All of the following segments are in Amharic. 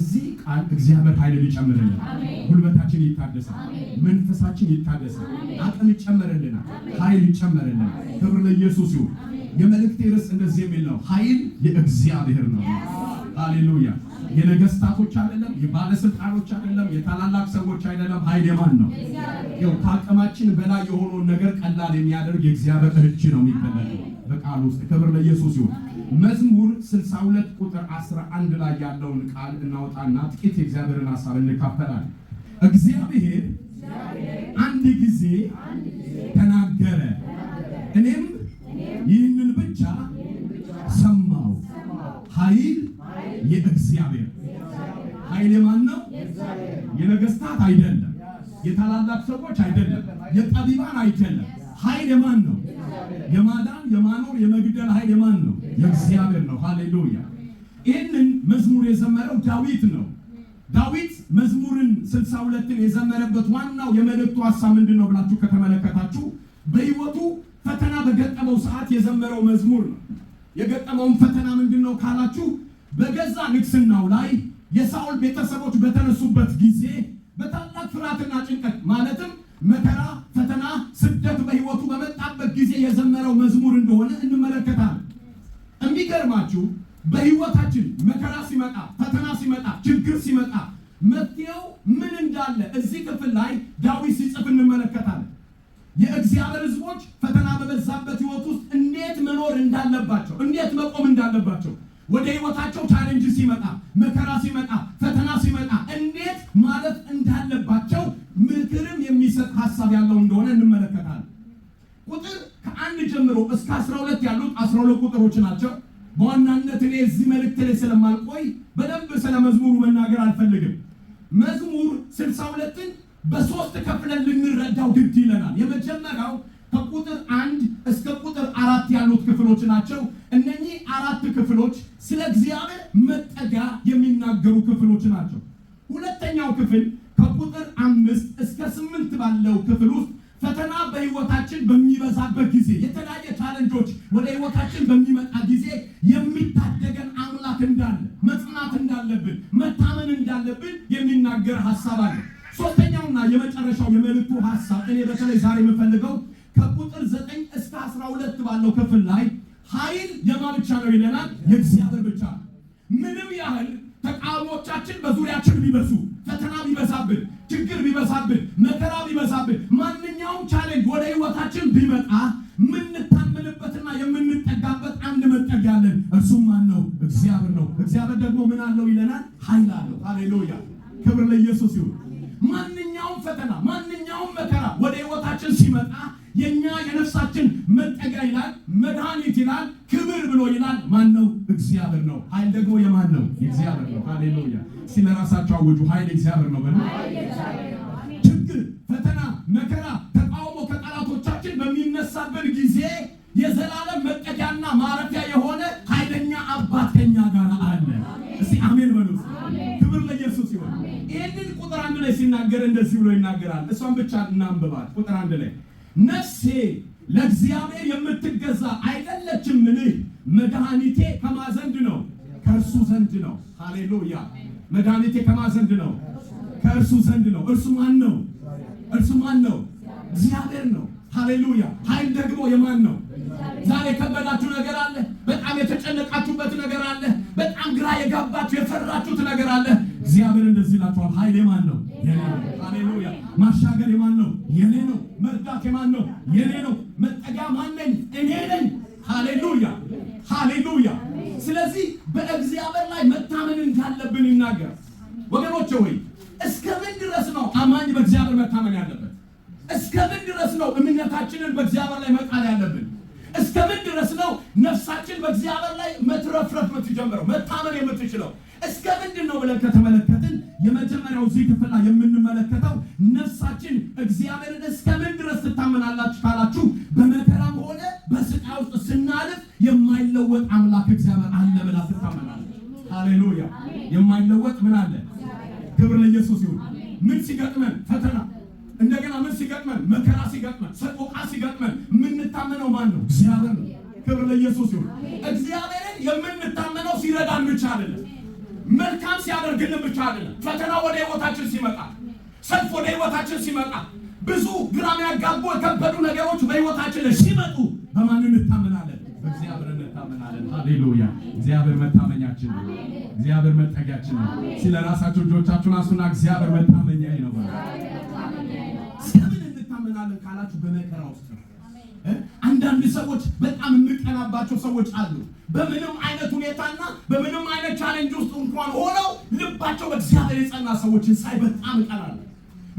በዚህ ቃል እግዚአብሔር ኃይልን ይጨምርልናል። ጉልበታችን ይታደሳል። መንፈሳችን ይታደሳል። አቅም ይጨመርልናል። ኃይል ይጨመርልናል። ክብር ለኢየሱስ ይሁን። የመልእክቴ ርዕስ እንደዚህ የሚል ነው፣ ኃይል የእግዚአብሔር ነው። ሃሌሉያ! የነገስታቶች አይደለም፣ የባለስልጣኖች አይደለም፣ የታላላቅ ሰዎች አይደለም። ኃይል የማን ነው? ያው ከአቅማችን በላይ የሆነውን ነገር ቀላል የሚያደርግ የእግዚአብሔር እጅ ነው የሚገለጠው በቃሉ ውስጥ። ክብር ለኢየሱስ ይሁን። መዝሙር 62 ቁጥር 11 ላይ ያለውን ቃል እናወጣና ጥቂት የእግዚአብሔርን ሀሳብ እንካፈላል። እግዚአብሔር አንድ ጊዜ ተናገረ፣ እኔም ይህንን ብቻ ሰማው። ኃይል የእግዚአብሔር ኃይል የማን ነው? የነገስታት አይደለም፣ የታላላቅ ሰዎች አይደለም፣ የጠቢባን አይደለም። ኃይል የማን ነው? የማዳን የማኖር የመግደል ኃይል የማን ነው? የእግዚአብሔር ነው። ሃሌሉያ። ይህንን መዝሙር የዘመረው ዳዊት ነው። ዳዊት መዝሙርን ስልሳ ሁለትን የዘመረበት ዋናው የመልእክቱ ሀሳብ ምንድን ነው ብላችሁ ከተመለከታችሁ በህይወቱ ፈተና በገጠመው ሰዓት የዘመረው መዝሙር ነው። የገጠመውን ፈተና ምንድን ነው ካላችሁ በገዛ ንግስናው ላይ የሳኦል ቤተሰቦች በተነሱበት ጊዜ በታላቅ ፍርሃትና ጭንቀት ማለትም መከራ፣ ፈተና፣ ስደት በህይወቱ በመጣ የዘመረው መዝሙር እንደሆነ እንመለከታለን። የሚገርማችሁ በህይወታችን መከራ ሲመጣ፣ ፈተና ሲመጣ፣ ችግር ሲመጣ መፍትሄው ምን እንዳለ እዚህ ክፍል ላይ ዳዊት ሲጽፍ እንመለከታለን። የእግዚአብሔር ህዝቦች ፈተና በበዛበት ህይወት ውስጥ እንዴት መኖር እንዳለባቸው፣ እንዴት መቆም እንዳለባቸው ወደ ህይወታቸው ቻሌንጅ ሲመጣ፣ መከራ ሲመጣ፣ ፈተና ሲመጣ እንዴት ማለት እንዳለባቸው ምክርም የሚሰጥ ሀሳብ ያለው እንደሆነ እንመለከታለን። ቁጥር ጀምሮ እስከ 12 ያሉት 12 ቁጥሮች ናቸው። በዋናነት እኔ እዚህ መልእክት ላይ ስለማልቆይ በደንብ ስለ መዝሙሩ መናገር አልፈልግም። መዝሙር 62ን በሶስት ከፍለን ልንረዳው ግድ ይለናል። የመጀመሪያው ከቁጥር አንድ እስከ ቁጥር አራት ያሉት ክፍሎች ናቸው። እነኚህ አራት ክፍሎች ስለ እግዚአብሔር መጠጊያ የሚናገሩ ክፍሎች ናቸው። ሁለተኛው ክፍል ከቁጥር አምስት እስከ ስምንት ባለው ክፍል ውስጥ ፈተና በህይወታችን በሚበዛበት ጊዜ የተለያየ ቻለንጆች ወደ ህይወታችን በሚመጣ ጊዜ የሚታደገን አምላክ እንዳለ መጽናት እንዳለብን መታመን እንዳለብን የሚናገር ሀሳብ አለ። ሶስተኛውና የመጨረሻው የመልእክቱ ሀሳብ እኔ በተለይ ዛሬ የምፈልገው ከቁጥር ዘጠኝ እስከ አስራ ሁለት ባለው ክፍል ላይ ኃይል የማ ብቻ ነው ይለናል? የእግዚአብሔር ብቻ። ምንም ያህል ተቃውሞቻችን በዙሪያችን ቢበዙ ፈተና ቢበዛብን፣ ችግር ቢበዛብን፣ መከራ ቢበዛብን፣ ማንኛውም ቻሌንጅ ወደ ህይወታችን ቢመጣ የምንታመንበትና የምንጠጋበት አንድ መጠጊያ አለን። እርሱም ማን ነው? እግዚአብሔር ነው። እግዚአብሔር ደግሞ ምን አለው ይለናል? ኃይል አለው። ሃሌሉያ! ክብር ለኢየሱስ ይሁን። ማንኛውም ፈተና ማንኛውም መከራ ወደ ህይወታችን ሲመጣ የኛ የነፍሳችን መጠጊያ ይላል፣ መድኃኒት ይላል፣ ክብር ብሎ ይላል። ማን ነው? እግዚአብሔር ነው። ኃይል ደግሞ የማን ነው? እግዚአብሔር ነው። ሃሌሉያ! እስቲ ለራሳቸው አውጁ፣ ኃይል እግዚአብሔር ነው በሉ። ችግር፣ ፈተና፣ መከራ፣ ተቃውሞ ከጠላቶቻችን በሚነሳበት ጊዜ የዘላለም መጠጊያና ማረፊያ የሆነ ኃይለኛ አባት ከኛ ጋር አለ። እስቲ አሜን በሉ። ክብር ለኢየሱስ ይሆን። ይህንን ቁጥር አንድ ላይ ሲናገር እንደዚህ ብሎ ይናገራል። እሷን ብቻ እናንብባት። ቁጥር አንድ ላይ ነፍሴ ለእግዚአብሔር የምትገዛ አይደለችም። ምን መድኃኒቴ ከማ ዘንድ ነው? ከእርሱ ዘንድ ነው። ሃሌሉያ! መድኃኒቴ ከማ ዘንድ ነው? ከእርሱ ዘንድ ነው። እርሱ ማን ነው? እርሱ ማን ነው? እግዚአብሔር ነው። ሃሌሉያ! ኃይል ደግሞ የማን ነው? ዛሬ የከበዳችሁ ነገር አለ። በጣም የተጨነቃችሁበት ነገር አለ። በጣም ግራ የጋባችሁ የፈራችሁት ነገር አለ። እግዚአብሔር እንደዚህ ይላችኋል፣ ኃይል የማን ነው? ሃሌሉያ። ማሻገር የማን ነው? የኔ ነው። መርዳት የማን ነው? የኔ ነው። መጠጊያ ማነኝ? እኔ ነኝ። ሃሌሉያ፣ ሃሌሉያ። ስለዚህ በእግዚአብሔር ላይ መታመን እንዳለብን ይናገር። ወገኖቼ ሆይ እስከ ምን ድረስ ነው አማኝ በእግዚአብሔር መታመን ያለበት? እስከ ምን ድረስ ነው እምነታችንን በእግዚአብሔር ላይ መጣል ያለብን? እስከ ምን ድረስ ነው ነፍሳችን በእግዚአብሔር ላይ መትረፍረፍ የምትጀምረው መታመን የምትችለው? እስከ ምንድን ነው ብለን ከተመለከትን የመጀመሪያው እዚህ ክፍል ላይ የምንመለከተው ነፍሳችን እግዚአብሔርን እስከ ምን ድረስ ትታመናላችሁ ካላችሁ በመከራም ሆነ በስቃ ውስጥ ስናልፍ የማይለወጥ አምላክ እግዚአብሔር አለ ብላ ትታመናለች። ሃሌሉያ! የማይለወጥ ምን አለ? ክብር ለኢየሱስ ይሁን። ምን ሲገጥመን ፈተና እንደገና ምን ሲገጥመን መከራ ሲገጥመን ሰቆቃ ሲገጥመን የምንታመነው ማን ነው? እግዚአብሔር ነው። ክብር ለኢየሱስ ይሁን። እግዚአብሔርን የምንታመነው ሲረዳን ብቻ አይደለም መልካም ሲያደርግልን ብቻ አይደለም። ፈተና ወደ ህይወታችን ሲመጣ፣ ሰልፍ ወደ ህይወታችን ሲመጣ፣ ብዙ ግራም ያጋቡ የከበዱ ነገሮች በህይወታችን ሲመጡ በማን እንታመናለን? በእግዚአብሔር እንታመናለን። ሃሌሉያ! እግዚአብሔር መታመኛችን ነው። እግዚአብሔር መጠጊያችን ነው። ስለ ራሳችሁ እጆቻችሁን አንሱና እግዚአብሔር መታመኛ ነው በሉ። ስለምን እንታመናለን ካላችሁ በመከራ ውስጥ ነው አንዳንድ ሰዎች በጣም የምቀናባቸው ሰዎች አሉ። በምንም አይነት ሁኔታና በምንም አይነት ቻሌንጅ ውስጥ እንኳን ሆነው ልባቸው በእግዚአብሔር የጸና ሰዎችን ሳይ በጣም እቀናለሁ።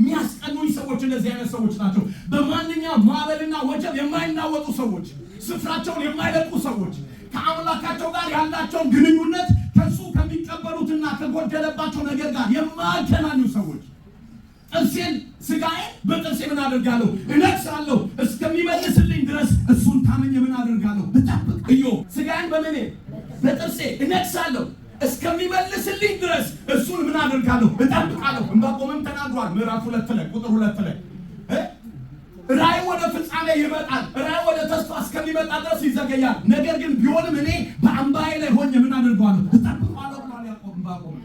የሚያስቀኑኝ ሰዎች እንደዚህ አይነት ሰዎች ናቸው። በማንኛውም ማዕበልና ወጀብ የማይናወጡ ሰዎች፣ ስፍራቸውን የማይለቁ ሰዎች፣ ከአምላካቸው ጋር ያላቸውን ግንኙነት ከሱ ከሚቀበሉትና ከጎደለባቸው ነገር ጋር የማገናኙ ሰዎች ጥርሴን ስጋዬ በጥርሴ ምን አደርጋለሁ እነቅሳለሁ እስከሚመልስልኝ ድረስ ካመኘ ምን አደርጋለሁ? ብጠብቅ እዮ ስጋን በምኔ በጥርሴ እነቅሳለሁ እስከሚመልስልኝ ድረስ እሱን ምን አደርጋለሁ? እጠብቃለሁ። እንባቆምም ተናግሯል። ምዕራፍ ሁለት ላይ ቁጥር ሁለት ላይ ራይ ወደ ፍጻሜ ይመጣል፣ ራይ ወደ ተስፋ እስከሚመጣ ድረስ ይዘገያል። ነገር ግን ቢሆንም እኔ በአምባዬ ላይ ሆኜ ምን አደርገዋለሁ? እጠብቀዋለሁ ብሏል ያዕቆብ እንባቆም።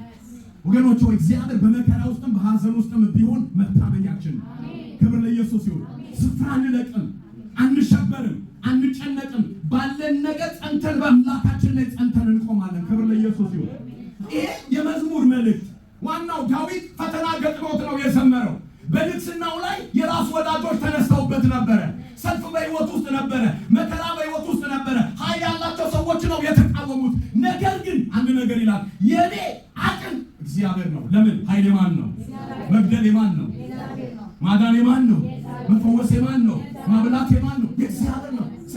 ወገኖች ሆይ እግዚአብሔር በመከራ ውስጥም በሀዘን ውስጥም ቢሆን መታመኛችን። ክብር ለኢየሱስ ይሁን። ስፍራ አንለቅም፣ አንሸበርም። አንጨነቅም። ባለን ነገር ጸንተን በአምላካችን ላይ ጸንተን እንቆማለን። ክብር ለኢየሱስ ይሁን። ይህ የመዝሙር መልእክት ዋናው ዳዊት ፈተና ገጥሞት ነው የዘመረው። በንግስናው ላይ የራሱ ወዳጆች ተነስተውበት ነበረ። ሰልፍ በህይወት ውስጥ ነበረ። መከራ በህይወት ውስጥ ነበረ። ኃይል ያላቸው ሰዎች ነው የተቃወሙት። ነገር ግን አንድ ነገር ይላል፣ የኔ አቅም እግዚአብሔር ነው። ለምን ኃይል የማን ነው? መግደል የማን ነው? ማዳን የማን ነው? መፈወስ የማን ነው?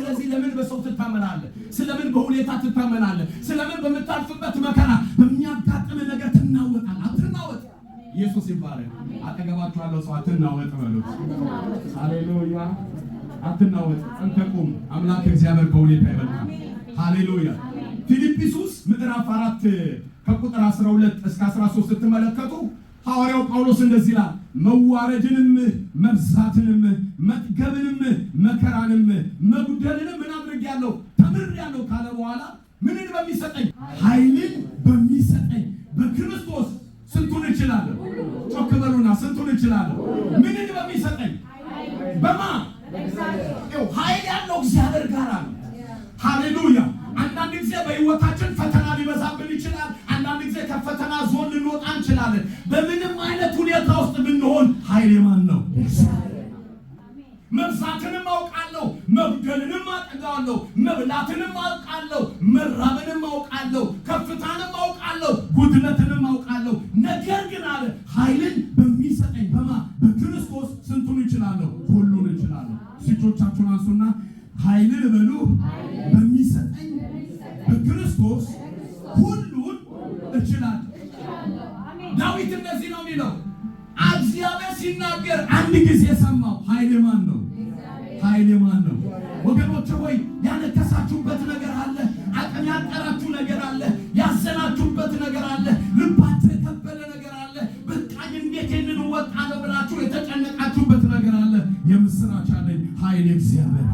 ስለዚህ ለምን በሰው ትታመናለህ? ስለምን በሁኔታ ትታመናለህ? ስለምን በምታልፍበት መከራ በሚያጋጥም ነገር ትናወጣል? አትናወጥ። ኢየሱስ ይባረክ። አጠገባችኋለሁ ሰው አትናወጥ በሉት። ሃሌሉያ። አትናወጥ፣ ጸንተህ አምላክ እግዚአብሔር በሁኔታ ይበልጣል። ሃሌሉያ። ፊልጵስዩስ ምዕራፍ አራት ከቁጥር 12 እስከ 13 ስትመለከቱ ሐዋርያው ጳውሎስ እንደዚህ ይላል፣ መዋረድንም መብዛትንም መጥገብንም መከራንም መጉደልንም ምን አድርጌያለሁ ተምሬያለሁ ካለ በኋላ ምንን በሚሰጠኝ ኃይልን በሚሰጠኝ በክርስቶስ ስንቱን እችላለሁ። ጮክ በሉና ስንቱን እችላለሁ። ምንን በሚሰጠኝ በማ ኃይል ያለው እግዚአብሔር አጠጋዋለሁ፣ መብላትንም አውቃለሁ፣ መራብንም አውቃለሁ፣ ከፍታንም አውቃለሁ፣ ጉድለትንም አውቃለሁ። ነገር ግን አለ ኃይልን በሚሰጠኝ በማ በክርስቶስ ስንቱን እችላለሁ? ሁሉን እችላለሁ። እጆቻችሁን አንሱና ኃይልን በሉ በሚሰጠኝ በክርስቶስ ሁሉን እችላለሁ። ዳዊት እንደዚህ ነው የሚለው እግዚአብሔር ሲናገር አንድ ጊዜ ሰማ ያላችሁበት ነገር አለ። የምስራች አለኝ። ኃይል እግዚአብሔር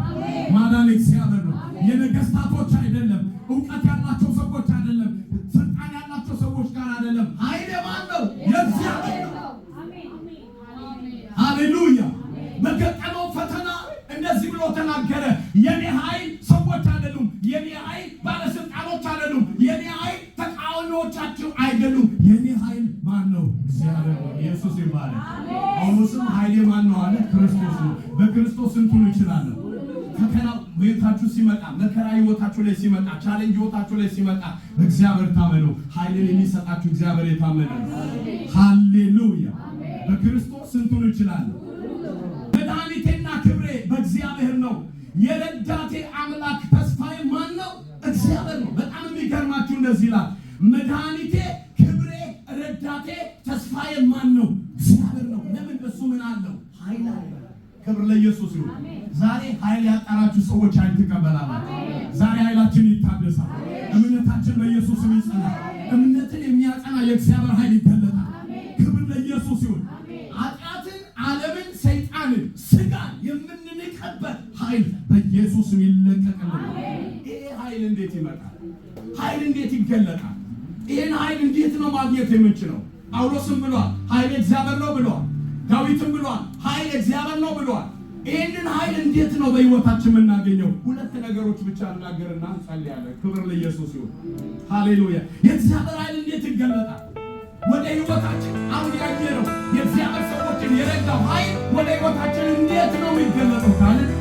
ማዳን እግዚአብሔር ነው። የነገስታቶች አይደለም፣ እውቀት ያላቸው ሰዎች አይደለም፣ ስልጣን ያላቸው ሰዎች ጋር አይደለም። ኃይል የማን ነው? የእግዚአብሔር ነው። ሃሌሉያ። በገጠመው ፈተና እንደዚህ ብሎ ተናገረ። የኔ ኃይል ሰዎች አይደሉም። የኔ ኃይል ባለስልጣኖች አይደሉም። የኔ ኃይል ተቃዋሚዎቻችሁ አይደሉም። የኔ ኃይል ማን ነው? እግዚአብሔር ነው። ኢየሱስ ይባላል። ሲመጣ መከራ ህይወታችሁ ላይ ሲመጣ ቻሌንጅ ህይወታችሁ ላይ ሲመጣ በእግዚአብሔር ታመኑ። ኃይልን የሚሰጣችሁ እግዚአብሔር የታመነ ሀሌሉያ ሃሌሉያ! በክርስቶስ ስንቱን ይችላል። መድኃኒቴና ክብሬ በእግዚአብሔር ነው። የረዳቴ አምላክ ተስፋዬ ማን ነው? እግዚአብሔር ነው። በጣም የሚገርማችሁ እንደዚህ ይላል፣ መድኃኒቴ፣ ክብሬ፣ ረዳቴ፣ ተስፋዬ ማን ነው? እግዚአብሔር ነው። ለምን? እሱ ምን አለው? ኃይል አለ። ክብር ለኢየሱስ ይሁን። ዛሬ ኃይል ያጠራችሁ ሰዎች ኃይል ትቀበላላችሁ። ዛሬ ኃይላችን ይታደሳል። እምነታችን በኢየሱስም ይጸናል። እምነትን የሚያጸና የእግዚአብሔር ኃይል ይገለጣል። ክብር ለኢየሱስ ይሁን። ኃጢአትን፣ ዓለምን፣ ሰይጣንን፣ ስጋን የምንንቀበት ኃይል በኢየሱስም ይለቀቅልናል። ይሄ ኃይል እንዴት ይመጣል? ኃይል እንዴት ይገለጣል? ይህን ኃይል እንዴት ነው ማግኘት የምንችለው? ጳውሎስም ብሏል ኃይል እግዚአብሔር ነው ብሏል። ዳዊትም ብሏል ኃይል እግዚአብሔር ነው ብሏል። ይህንን ኃይል እንዴት ነው በህይወታችን የምናገኘው? ሁለት ነገሮች ብቻ እናገርና እንጸልያለን። ክብር ለኢየሱስ ይሁን። ሃሌሉያ። የእግዚአብሔር ኃይል እንዴት ይገለጣል? ወደ ህይወታችን አሁን ያየ ነው። የእግዚአብሔር ሰዎችን የረዳው ኃይል ወደ ህይወታችን እንዴት ነው የሚገለጠው?